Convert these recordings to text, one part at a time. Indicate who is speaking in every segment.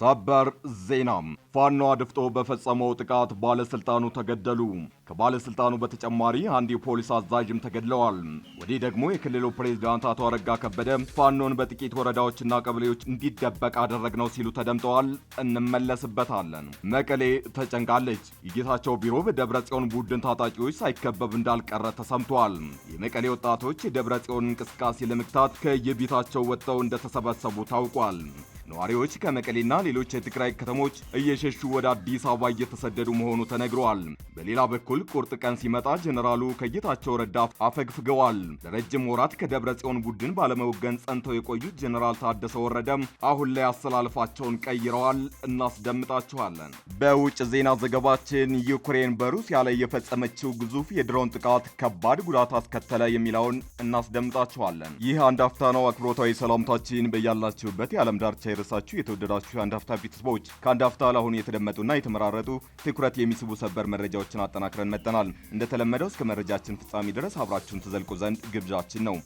Speaker 1: ሰበር ዜና ፋኖ አድፍጦ በፈጸመው ጥቃት ባለስልጣኑ ተገደሉ። ከባለስልጣኑ በተጨማሪ አንድ የፖሊስ አዛዥም ተገድለዋል። ወዲህ ደግሞ የክልሉ ፕሬዝዳንት አቶ አረጋ ከበደ ፋኖን በጥቂት ወረዳዎችና ቀበሌዎች እንዲደበቅ አደረግነው ሲሉ ተደምጠዋል። እንመለስበታለን። መቀሌ ተጨንቃለች። የጌታቸው ቢሮ በደብረ ጽዮን ቡድን ታጣቂዎች ሳይከበብ እንዳልቀረ ተሰምቷል። የመቀሌ ወጣቶች የደብረ ጽዮን እንቅስቃሴ ለመግታት ከየቤታቸው ወጥተው እንደተሰበሰቡ ታውቋል። ነዋሪዎች ከመቀሌና ሌሎች የትግራይ ከተሞች እየሸሹ ወደ አዲስ አበባ እየተሰደዱ መሆኑ ተነግረዋል። በሌላ በኩል ቁርጥ ቀን ሲመጣ ጀኔራሉ ከጌታቸው ረዳ አፈግፍገዋል። ለረጅም ወራት ከደብረ ጽዮን ቡድን ባለመወገን ጸንተው የቆዩት ጀኔራል ታደሰ ወረደም አሁን ላይ አሰላልፋቸውን ቀይረዋል። እናስደምጣችኋለን። በውጭ ዜና ዘገባችን ዩክሬን በሩሲያ ላይ የፈጸመችው ግዙፍ የድሮን ጥቃት ከባድ ጉዳት አስከተለ የሚለውን እናስደምጣችኋለን። ይህ አንድ አፍታ ነው። አክብሮታዊ ሰላምታችን በያላችሁበት የዓለም ዳርቻ ያደረሳችሁ የተወደዳችሁ የአንድ ሀፍታ ቤተሰቦች ከአንድ ሀፍታ ለአሁኑ የተደመጡና የተመራረጡ ትኩረት የሚስቡ ሰበር መረጃዎችን አጠናክረን መጠናል። እንደተለመደው እስከ መረጃችን ፍጻሜ ድረስ አብራችሁን ትዘልቁ ዘንድ ግብዣችን ነው።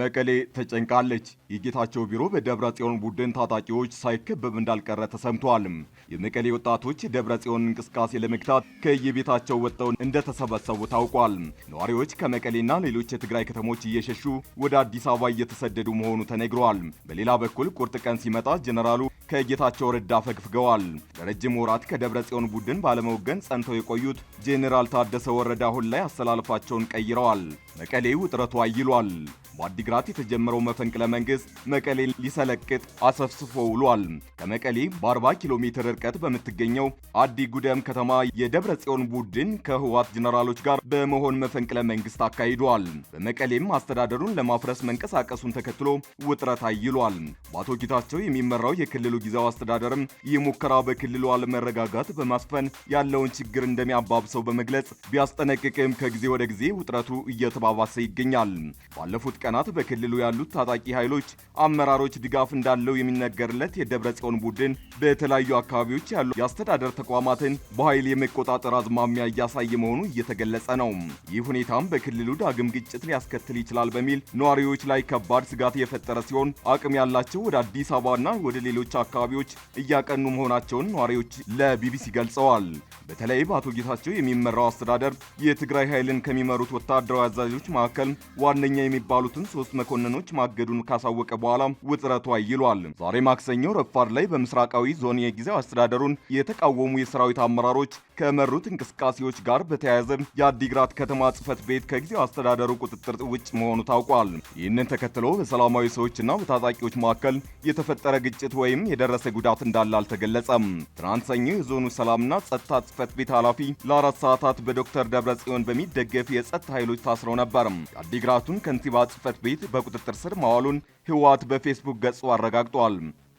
Speaker 1: መቀሌ ተጨንቃለች። የጌታቸው ቢሮ በደብረ ጽዮን ቡድን ታጣቂዎች ሳይከበብ እንዳልቀረ ተሰምቷል። የመቀሌ ወጣቶች የደብረ ጽዮን እንቅስቃሴ ለመግታት ከየቤታቸው ወጥተው እንደተሰበሰቡ ታውቋል። ነዋሪዎች ከመቀሌና ሌሎች የትግራይ ከተሞች እየሸሹ ወደ አዲስ አበባ እየተሰደዱ መሆኑ ተነግሯል። በሌላ በኩል ቁርጥ ቀን ሲመጣ ጀነራሉ ከጌታቸው ረዳ ፈግፍገዋል። ለረጅም ወራት ከደብረ ጽዮን ቡድን ባለመወገን ጸንተው የቆዩት ጄኔራል ታደሰ ወረደ አሁን ላይ አሰላለፋቸውን ቀይረዋል። መቀሌ ውጥረቱ አይሏል። በአዲግራት የተጀመረው መፈንቅለ መንግስት መቀሌ ሊሰለቅጥ አሰፍስፎ ውሏል። ከመቀሌ በ40 ኪሎ ሜትር ርቀት በምትገኘው አዲ ጉደም ከተማ የደብረ ጽዮን ቡድን ከህዋት ጀነራሎች ጋር በመሆን መፈንቅለ መንግስት አካሂዷል። በመቀሌም አስተዳደሩን ለማፍረስ መንቀሳቀሱን ተከትሎ ውጥረት አይሏል። በአቶ ጌታቸው የሚመራው የክልሉ ጊዜያዊ አስተዳደርም ይህ ሙከራ በክልሉ አለመረጋጋት በማስፈን ያለውን ችግር እንደሚያባብሰው በመግለጽ ቢያስጠነቅቅም ከጊዜ ወደ ጊዜ ውጥረቱ እየተባባሰ ይገኛል። ባለፉት ቀናት በክልሉ ያሉት ታጣቂ ኃይሎች አመራሮች ድጋፍ እንዳለው የሚነገርለት የደብረ ጽዮን ቡድን በተለያዩ አካባቢዎች ያሉ የአስተዳደር ተቋማትን በኃይል የመቆጣጠር አዝማሚያ እያሳየ መሆኑ እየተገለጸ ነው። ይህ ሁኔታም በክልሉ ዳግም ግጭት ሊያስከትል ይችላል በሚል ነዋሪዎች ላይ ከባድ ስጋት የፈጠረ ሲሆን አቅም ያላቸው ወደ አዲስ አበባና ወደ ሌሎች አካባቢዎች እያቀኑ መሆናቸውን ነዋሪዎች ለቢቢሲ ገልጸዋል። በተለይ በአቶ ጌታቸው የሚመራው አስተዳደር የትግራይ ኃይልን ከሚመሩት ወታደራዊ አዛዦች መካከል ዋነኛ የሚባሉት የነበሩትን ሶስት መኮንኖች ማገዱን ካሳወቀ በኋላ ውጥረቱ አይሏል። ዛሬ ማክሰኞ ረፋድ ላይ በምስራቃዊ ዞን የጊዜው አስተዳደሩን የተቃወሙ የሰራዊት አመራሮች ከመሩት እንቅስቃሴዎች ጋር በተያያዘ የአዲግራት ከተማ ጽህፈት ቤት ከጊዜው አስተዳደሩ ቁጥጥር ውጭ መሆኑ ታውቋል። ይህንን ተከትሎ በሰላማዊ ሰዎችና በታጣቂዎች መካከል የተፈጠረ ግጭት ወይም የደረሰ ጉዳት እንዳለ አልተገለጸም። ትናንት ሰኞ የዞኑ ሰላምና ጸጥታ ጽህፈት ቤት ኃላፊ ለአራት ሰዓታት በዶክተር ደብረ ጽዮን በሚደገፍ የጸጥታ ኃይሎች ታስረው ነበር። የአዲግራቱን ከንቲባ ጽህፈት ቤት በቁጥጥር ስር ማዋሉን ህወሓት በፌስቡክ ገጹ አረጋግጧል።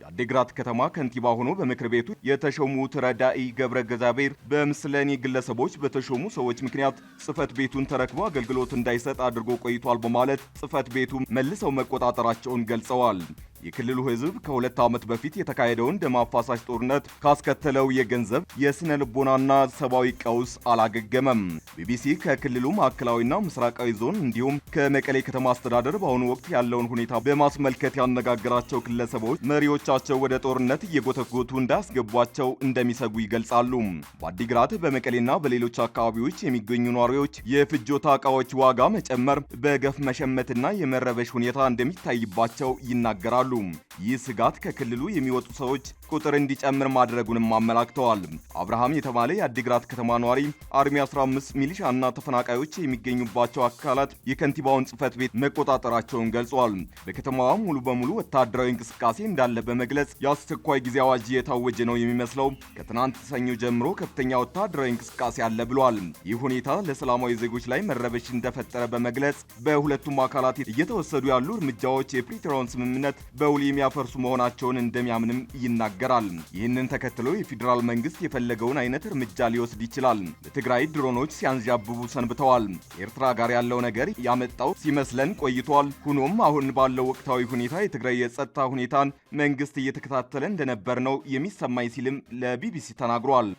Speaker 1: የአዴግራት ከተማ ከንቲባ ሆኖ በምክር ቤቱ የተሾሙት ረዳኢ ገብረ ገዛቤር በምስለኔ ግለሰቦች በተሾሙ ሰዎች ምክንያት ጽህፈት ቤቱን ተረክቦ አገልግሎት እንዳይሰጥ አድርጎ ቆይቷል በማለት ጽህፈት ቤቱ መልሰው መቆጣጠራቸውን ገልጸዋል። የክልሉ ህዝብ ከሁለት ዓመት በፊት የተካሄደውን ደም አፋሳሽ ጦርነት ካስከተለው የገንዘብ የስነ ልቦናና ሰብአዊ ቀውስ አላገገመም። ቢቢሲ ከክልሉ ማዕከላዊና ምስራቃዊ ዞን እንዲሁም ከመቀሌ ከተማ አስተዳደር በአሁኑ ወቅት ያለውን ሁኔታ በማስመልከት ያነጋገራቸው ግለሰቦች መሪዎቻቸው ወደ ጦርነት እየጎተጎቱ እንዳያስገቧቸው እንደሚሰጉ ይገልጻሉ። በአዲግራት በመቀሌና በሌሎች አካባቢዎች የሚገኙ ነዋሪዎች የፍጆታ እቃዎች ዋጋ መጨመር፣ በገፍ መሸመትና የመረበሽ ሁኔታ እንደሚታይባቸው ይናገራሉ። ይጠይቃሉ። ይህ ስጋት ከክልሉ የሚወጡ ሰዎች ቁጥር እንዲጨምር ማድረጉንም አመላክተዋል። አብርሃም የተባለ የአዲግራት ከተማ ኗሪ አርሚ 15 ሚሊሻና ተፈናቃዮች የሚገኙባቸው አካላት የከንቲባውን ጽህፈት ቤት መቆጣጠራቸውን ገልጿል። በከተማዋ ሙሉ በሙሉ ወታደራዊ እንቅስቃሴ እንዳለ በመግለጽ የአስቸኳይ ጊዜ አዋጅ የታወጀ ነው የሚመስለው ከትናንት ሰኞ ጀምሮ ከፍተኛ ወታደራዊ እንቅስቃሴ አለ ብሏል። ይህ ሁኔታ ለሰላማዊ ዜጎች ላይ መረበሽ እንደፈጠረ በመግለጽ በሁለቱም አካላት እየተወሰዱ ያሉ እርምጃዎች የፕሪቶሪያውን ስምምነት በውል የሚያፈርሱ መሆናቸውን እንደሚያምንም ይናገራል። ይናገራል። ይህንን ተከትሎ የፌዴራል መንግስት የፈለገውን አይነት እርምጃ ሊወስድ ይችላል። በትግራይ ድሮኖች ሲያንዣብቡ ሰንብተዋል። ኤርትራ ጋር ያለው ነገር ያመጣው ሲመስለን ቆይቷል። ሆኖም አሁን ባለው ወቅታዊ ሁኔታ የትግራይ የጸጥታ ሁኔታን መንግስት እየተከታተለ እንደነበር ነው የሚሰማኝ ሲልም ለቢቢሲ ተናግሯል።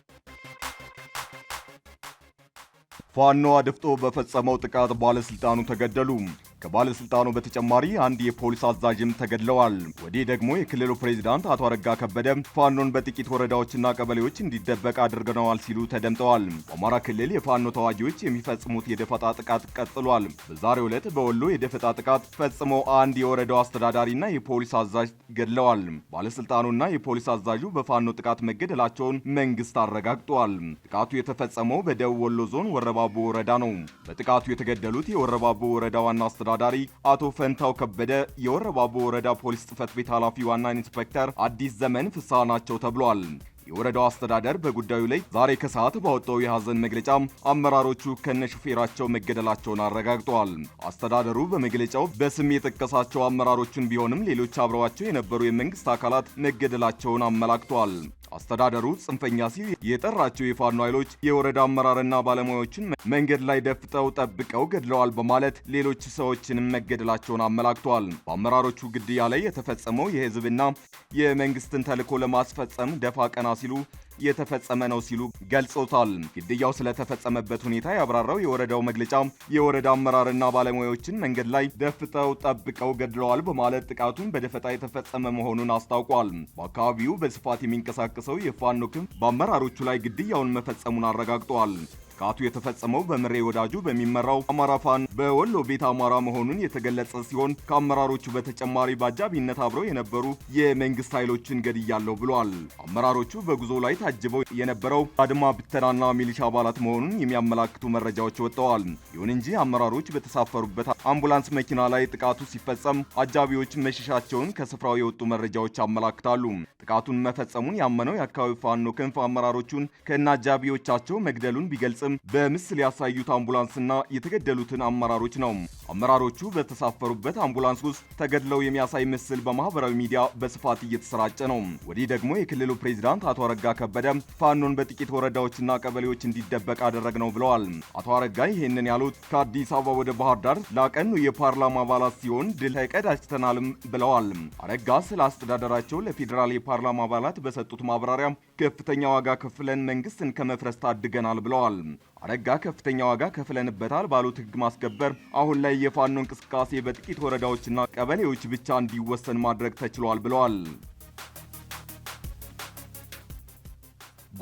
Speaker 1: ፋኖ አድፍጦ በፈጸመው ጥቃት ባለስልጣኑ ተገደሉ። ከባለስልጣኑ በተጨማሪ አንድ የፖሊስ አዛዥም ተገድለዋል። ወዲህ ደግሞ የክልሉ ፕሬዚዳንት አቶ አረጋ ከበደ ፋኖን በጥቂት ወረዳዎችና ቀበሌዎች እንዲደበቅ አድርገነዋል ሲሉ ተደምጠዋል። በአማራ ክልል የፋኖ ተዋጊዎች የሚፈጽሙት የደፈጣ ጥቃት ቀጥሏል። በዛሬው ዕለት በወሎ የደፈጣ ጥቃት ፈጽመው አንድ የወረዳው አስተዳዳሪና የፖሊስ አዛዥ ገድለዋል። ባለስልጣኑና የፖሊስ አዛዡ በፋኖ ጥቃት መገደላቸውን መንግስት አረጋግጧል። ጥቃቱ የተፈጸመው በደቡብ ወሎ ዞን ወረባቦ ወረዳ ነው። በጥቃቱ የተገደሉት የወረባቦ ወረዳ ዋና አስተዳዳሪ አቶ ፈንታው ከበደ፣ የወረባቦ ወረዳ ፖሊስ ጽህፈት ቤት ኃላፊ ዋና ኢንስፔክተር አዲስ ዘመን ፍስሐ ናቸው ተብሏል። የወረዳው አስተዳደር በጉዳዩ ላይ ዛሬ ከሰዓት ባወጣው የሐዘን መግለጫ አመራሮቹ ከነሹፌራቸው መገደላቸውን አረጋግጠዋል። አስተዳደሩ በመግለጫው በስም የጠቀሳቸው አመራሮቹን ቢሆንም ሌሎች አብረዋቸው የነበሩ የመንግስት አካላት መገደላቸውን አመላክቷል። አስተዳደሩ ጽንፈኛ ሲል የጠራቸው የፋኖ ኃይሎች የወረዳ አመራርና ባለሙያዎችን መንገድ ላይ ደፍጠው ጠብቀው ገድለዋል በማለት ሌሎች ሰዎችንም መገደላቸውን አመላክተዋል። በአመራሮቹ ግድያ ላይ የተፈጸመው የህዝብና የመንግስትን ተልዕኮ ለማስፈጸም ደፋ ቀና ሲሉ የተፈጸመ ነው ሲሉ ገልጾታል። ግድያው ስለተፈጸመበት ሁኔታ ያብራራው የወረዳው መግለጫ የወረዳ አመራርና ባለሙያዎችን መንገድ ላይ ደፍጠው ጠብቀው ገድለዋል በማለት ጥቃቱን በደፈጣ የተፈጸመ መሆኑን አስታውቋል። በአካባቢው በስፋት የሚንቀሳቀሰው የፋኖ ክንፍ በአመራሮቹ ላይ ግድያውን መፈጸሙን አረጋግጧል። ጥቃቱ የተፈጸመው በምሬ ወዳጁ በሚመራው አማራ ፋኖ በወሎ ቤት አማራ መሆኑን የተገለጸ ሲሆን ከአመራሮቹ በተጨማሪ በአጃቢነት አብረው የነበሩ የመንግስት ኃይሎችን ገድያለሁ ብሏል። አመራሮቹ በጉዞ ላይ ታጅበው የነበረው አድማ ብተናና ሚሊሻ አባላት መሆኑን የሚያመላክቱ መረጃዎች ወጥተዋል። ይሁን እንጂ አመራሮች በተሳፈሩበት አምቡላንስ መኪና ላይ ጥቃቱ ሲፈጸም አጃቢዎች መሸሻቸውን ከስፍራው የወጡ መረጃዎች አመላክታሉ። ጥቃቱን መፈጸሙን ያመነው የአካባቢ ፋኖ ክንፍ አመራሮቹን ከነ አጃቢዎቻቸው መግደሉን ቢገልጽም በምስል ያሳዩት አምቡላንስና የተገደሉትን አመራሮች ነው። አመራሮቹ በተሳፈሩበት አምቡላንስ ውስጥ ተገድለው የሚያሳይ ምስል በማህበራዊ ሚዲያ በስፋት እየተሰራጨ ነው። ወዲህ ደግሞ የክልሉ ፕሬዚዳንት አቶ አረጋ ከበደ ፋኖን በጥቂት ወረዳዎችና ቀበሌዎች እንዲደበቅ አደረግ ነው ብለዋል። አቶ አረጋ ይህንን ያሉት ከአዲስ አበባ ወደ ባህር ዳር ላቀኑ የፓርላማ አባላት ሲሆን ድል ተቀዳጅተናልም ብለዋል። አረጋ ስለ አስተዳደራቸው ለፌዴራል የፓርላማ አባላት በሰጡት ማብራሪያ ከፍተኛ ዋጋ ከፍለን መንግስትን ከመፍረስ ታድገናል ብለዋል። አረጋ ከፍተኛ ዋጋ ከፍለንበታል ባሉት ህግ ማስከበር አሁን ላይ የፋኖ እንቅስቃሴ በጥቂት ወረዳዎችና ቀበሌዎች ብቻ እንዲወሰን ማድረግ ተችሏል ብለዋል።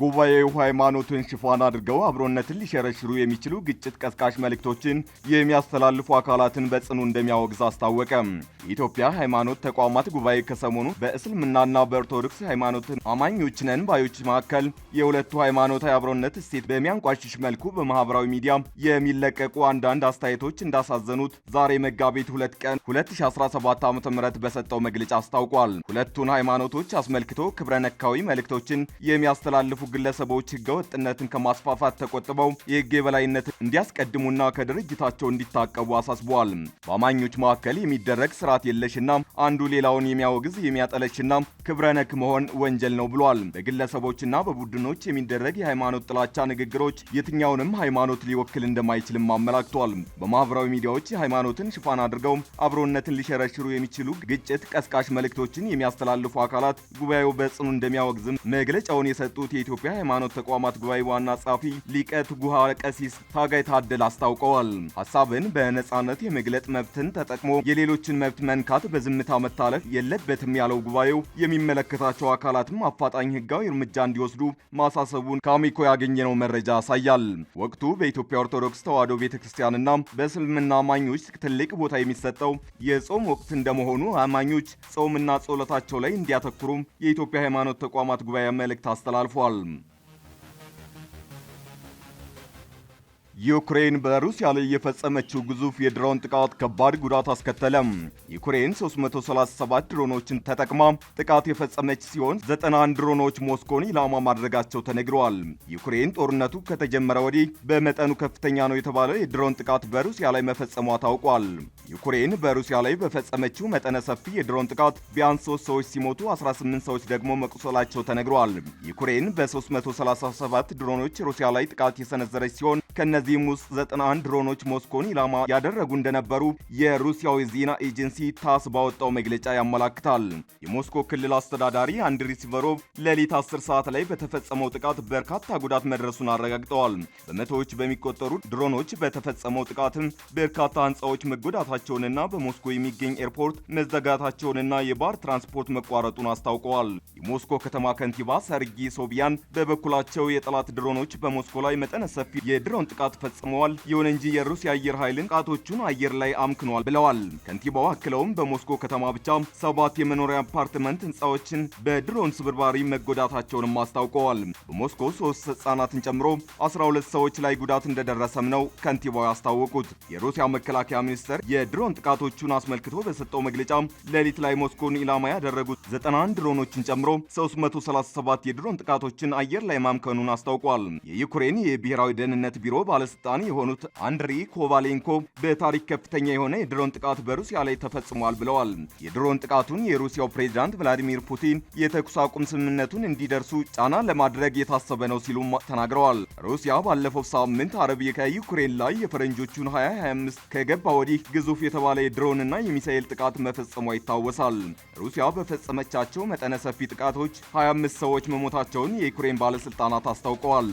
Speaker 1: ጉባኤው ሃይማኖትን ሽፋን አድርገው አብሮነትን ሊሸረሽሩ የሚችሉ ግጭት ቀስቃሽ መልእክቶችን የሚያስተላልፉ አካላትን በጽኑ እንደሚያወግዝ አስታወቀም። የኢትዮጵያ ሃይማኖት ተቋማት ጉባኤ ከሰሞኑ በእስልምናና በኦርቶዶክስ ሃይማኖት አማኞች ነን ባዮች መካከል የሁለቱ ሃይማኖታዊ አብሮነት እሴት በሚያንቋሽሽ መልኩ በማህበራዊ ሚዲያ የሚለቀቁ አንዳንድ አስተያየቶች እንዳሳዘኑት ዛሬ መጋቢት ሁለት ቀን 2017 ዓ ም በሰጠው መግለጫ አስታውቋል። ሁለቱን ሃይማኖቶች አስመልክቶ ክብረ ነካዊ መልእክቶችን የሚያስተላልፉ ግለሰቦች ህገወጥነትን ከማስፋፋት ተቆጥበው የህግ የበላይነት እንዲያስቀድሙና ከድርጅታቸው እንዲታቀቡ አሳስበዋል። በአማኞች መካከል የሚደረግ ስርዓት የለሽና አንዱ ሌላውን የሚያወግዝ የሚያጠለሽና ክብረ ነክ መሆን ወንጀል ነው ብሏል። በግለሰቦችና በቡድኖች የሚደረግ የሃይማኖት ጥላቻ ንግግሮች የትኛውንም ሃይማኖት ሊወክል እንደማይችልም አመላክቷል። በማህበራዊ ሚዲያዎች የሃይማኖትን ሽፋን አድርገው አብሮነትን ሊሸረሽሩ የሚችሉ ግጭት ቀስቃሽ መልእክቶችን የሚያስተላልፉ አካላት ጉባኤው በጽኑ እንደሚያወግዝም መግለጫውን የሰጡት የኢትዮ የኢትዮጵያ ሃይማኖት ተቋማት ጉባኤ ዋና ጸሐፊ ሊቀ ትጉሃ ቀሲስ ታጋይ ታደል አስታውቀዋል። ሀሳብን በነጻነት የመግለጥ መብትን ተጠቅሞ የሌሎችን መብት መንካት በዝምታ መታለፍ የለበትም ያለው ጉባኤው የሚመለከታቸው አካላትም አፋጣኝ ህጋዊ እርምጃ እንዲወስዱ ማሳሰቡን ከአሚኮ ያገኘነው መረጃ ያሳያል። ወቅቱ በኢትዮጵያ ኦርቶዶክስ ተዋሕዶ ቤተ ክርስቲያንና በእስልምና አማኞች ትልቅ ቦታ የሚሰጠው የጾም ወቅት እንደመሆኑ አማኞች ጾምና ጸሎታቸው ላይ እንዲያተኩሩም የኢትዮጵያ ሃይማኖት ተቋማት ጉባኤ መልእክት አስተላልፏል። ዩክሬን በሩሲያ ላይ የፈጸመችው ግዙፍ የድሮን ጥቃት ከባድ ጉዳት አስከተለም። ዩክሬን 337 ድሮኖችን ተጠቅማ ጥቃት የፈጸመች ሲሆን 91 ድሮኖች ሞስኮን ኢላማ ማድረጋቸው ተነግረዋል። ዩክሬን ጦርነቱ ከተጀመረ ወዲህ በመጠኑ ከፍተኛ ነው የተባለው የድሮን ጥቃት በሩሲያ ላይ መፈጸሟ ታውቋል። ዩክሬን በሩሲያ ላይ በፈጸመችው መጠነ ሰፊ የድሮን ጥቃት ቢያንስ 3 ሰዎች ሲሞቱ 18 ሰዎች ደግሞ መቁሰላቸው ተነግረዋል። ዩክሬን በ337 ድሮኖች ሩሲያ ላይ ጥቃት የሰነዘረች ሲሆን ከእነዚህም ውስጥ 91 ድሮኖች ሞስኮን ኢላማ ያደረጉ እንደነበሩ የሩሲያዊ ዜና ኤጀንሲ ታስ ባወጣው መግለጫ ያመላክታል። የሞስኮ ክልል አስተዳዳሪ አንድሪ ሲቨሮቭ ሌሊት 10 ሰዓት ላይ በተፈጸመው ጥቃት በርካታ ጉዳት መድረሱን አረጋግጠዋል። በመቶዎች በሚቆጠሩ ድሮኖች በተፈጸመው ጥቃትም በርካታ ሕንፃዎች መጎዳታቸውንና በሞስኮ የሚገኝ ኤርፖርት መዘጋታቸውንና የባህር ትራንስፖርት መቋረጡን አስታውቀዋል። የሞስኮ ከተማ ከንቲባ ሰርጊ ሶቢያን በበኩላቸው የጠላት ድሮኖች በሞስኮ ላይ መጠነ ሰፊ የድሮን ጥቃት ፈጽመዋል። ይሁን እንጂ የሩሲያ አየር ኃይልን ጥቃቶቹን አየር ላይ አምክኗል ብለዋል። ከንቲባው አክለውም በሞስኮ ከተማ ብቻ ሰባት የመኖሪያ አፓርትመንት ህንፃዎችን በድሮን ስብርባሪ መጎዳታቸውንም አስታውቀዋል። በሞስኮ ሶስት ህጻናትን ጨምሮ 12 ሰዎች ላይ ጉዳት እንደደረሰም ነው ከንቲባው ያስታወቁት። የሩሲያ መከላከያ ሚኒስቴር የድሮን ጥቃቶቹን አስመልክቶ በሰጠው መግለጫ ሌሊት ላይ ሞስኮን ኢላማ ያደረጉት 91 ድሮኖችን ጨምሮ 337 የድሮን ጥቃቶችን አየር ላይ ማምከኑን አስታውቋል። የዩክሬን የብሔራዊ ደህንነት ቢሮ ባለስልጣን የሆኑት አንድሪ ኮቫሌንኮ በታሪክ ከፍተኛ የሆነ የድሮን ጥቃት በሩሲያ ላይ ተፈጽሟል ብለዋል። የድሮን ጥቃቱን የሩሲያው ፕሬዚዳንት ቭላዲሚር ፑቲን የተኩስ አቁም ስምምነቱን እንዲደርሱ ጫና ለማድረግ የታሰበ ነው ሲሉም ተናግረዋል። ሩሲያ ባለፈው ሳምንት አረብ ከዩክሬን ላይ የፈረንጆቹን 2025 ከገባ ወዲህ ግዙፍ የተባለ የድሮንና የሚሳኤል ጥቃት መፈጸሟ ይታወሳል። ሩሲያ በፈጸመቻቸው መጠነ ሰፊ ጥቃቶች 25 ሰዎች መሞታቸውን የዩክሬን ባለስልጣናት አስታውቀዋል።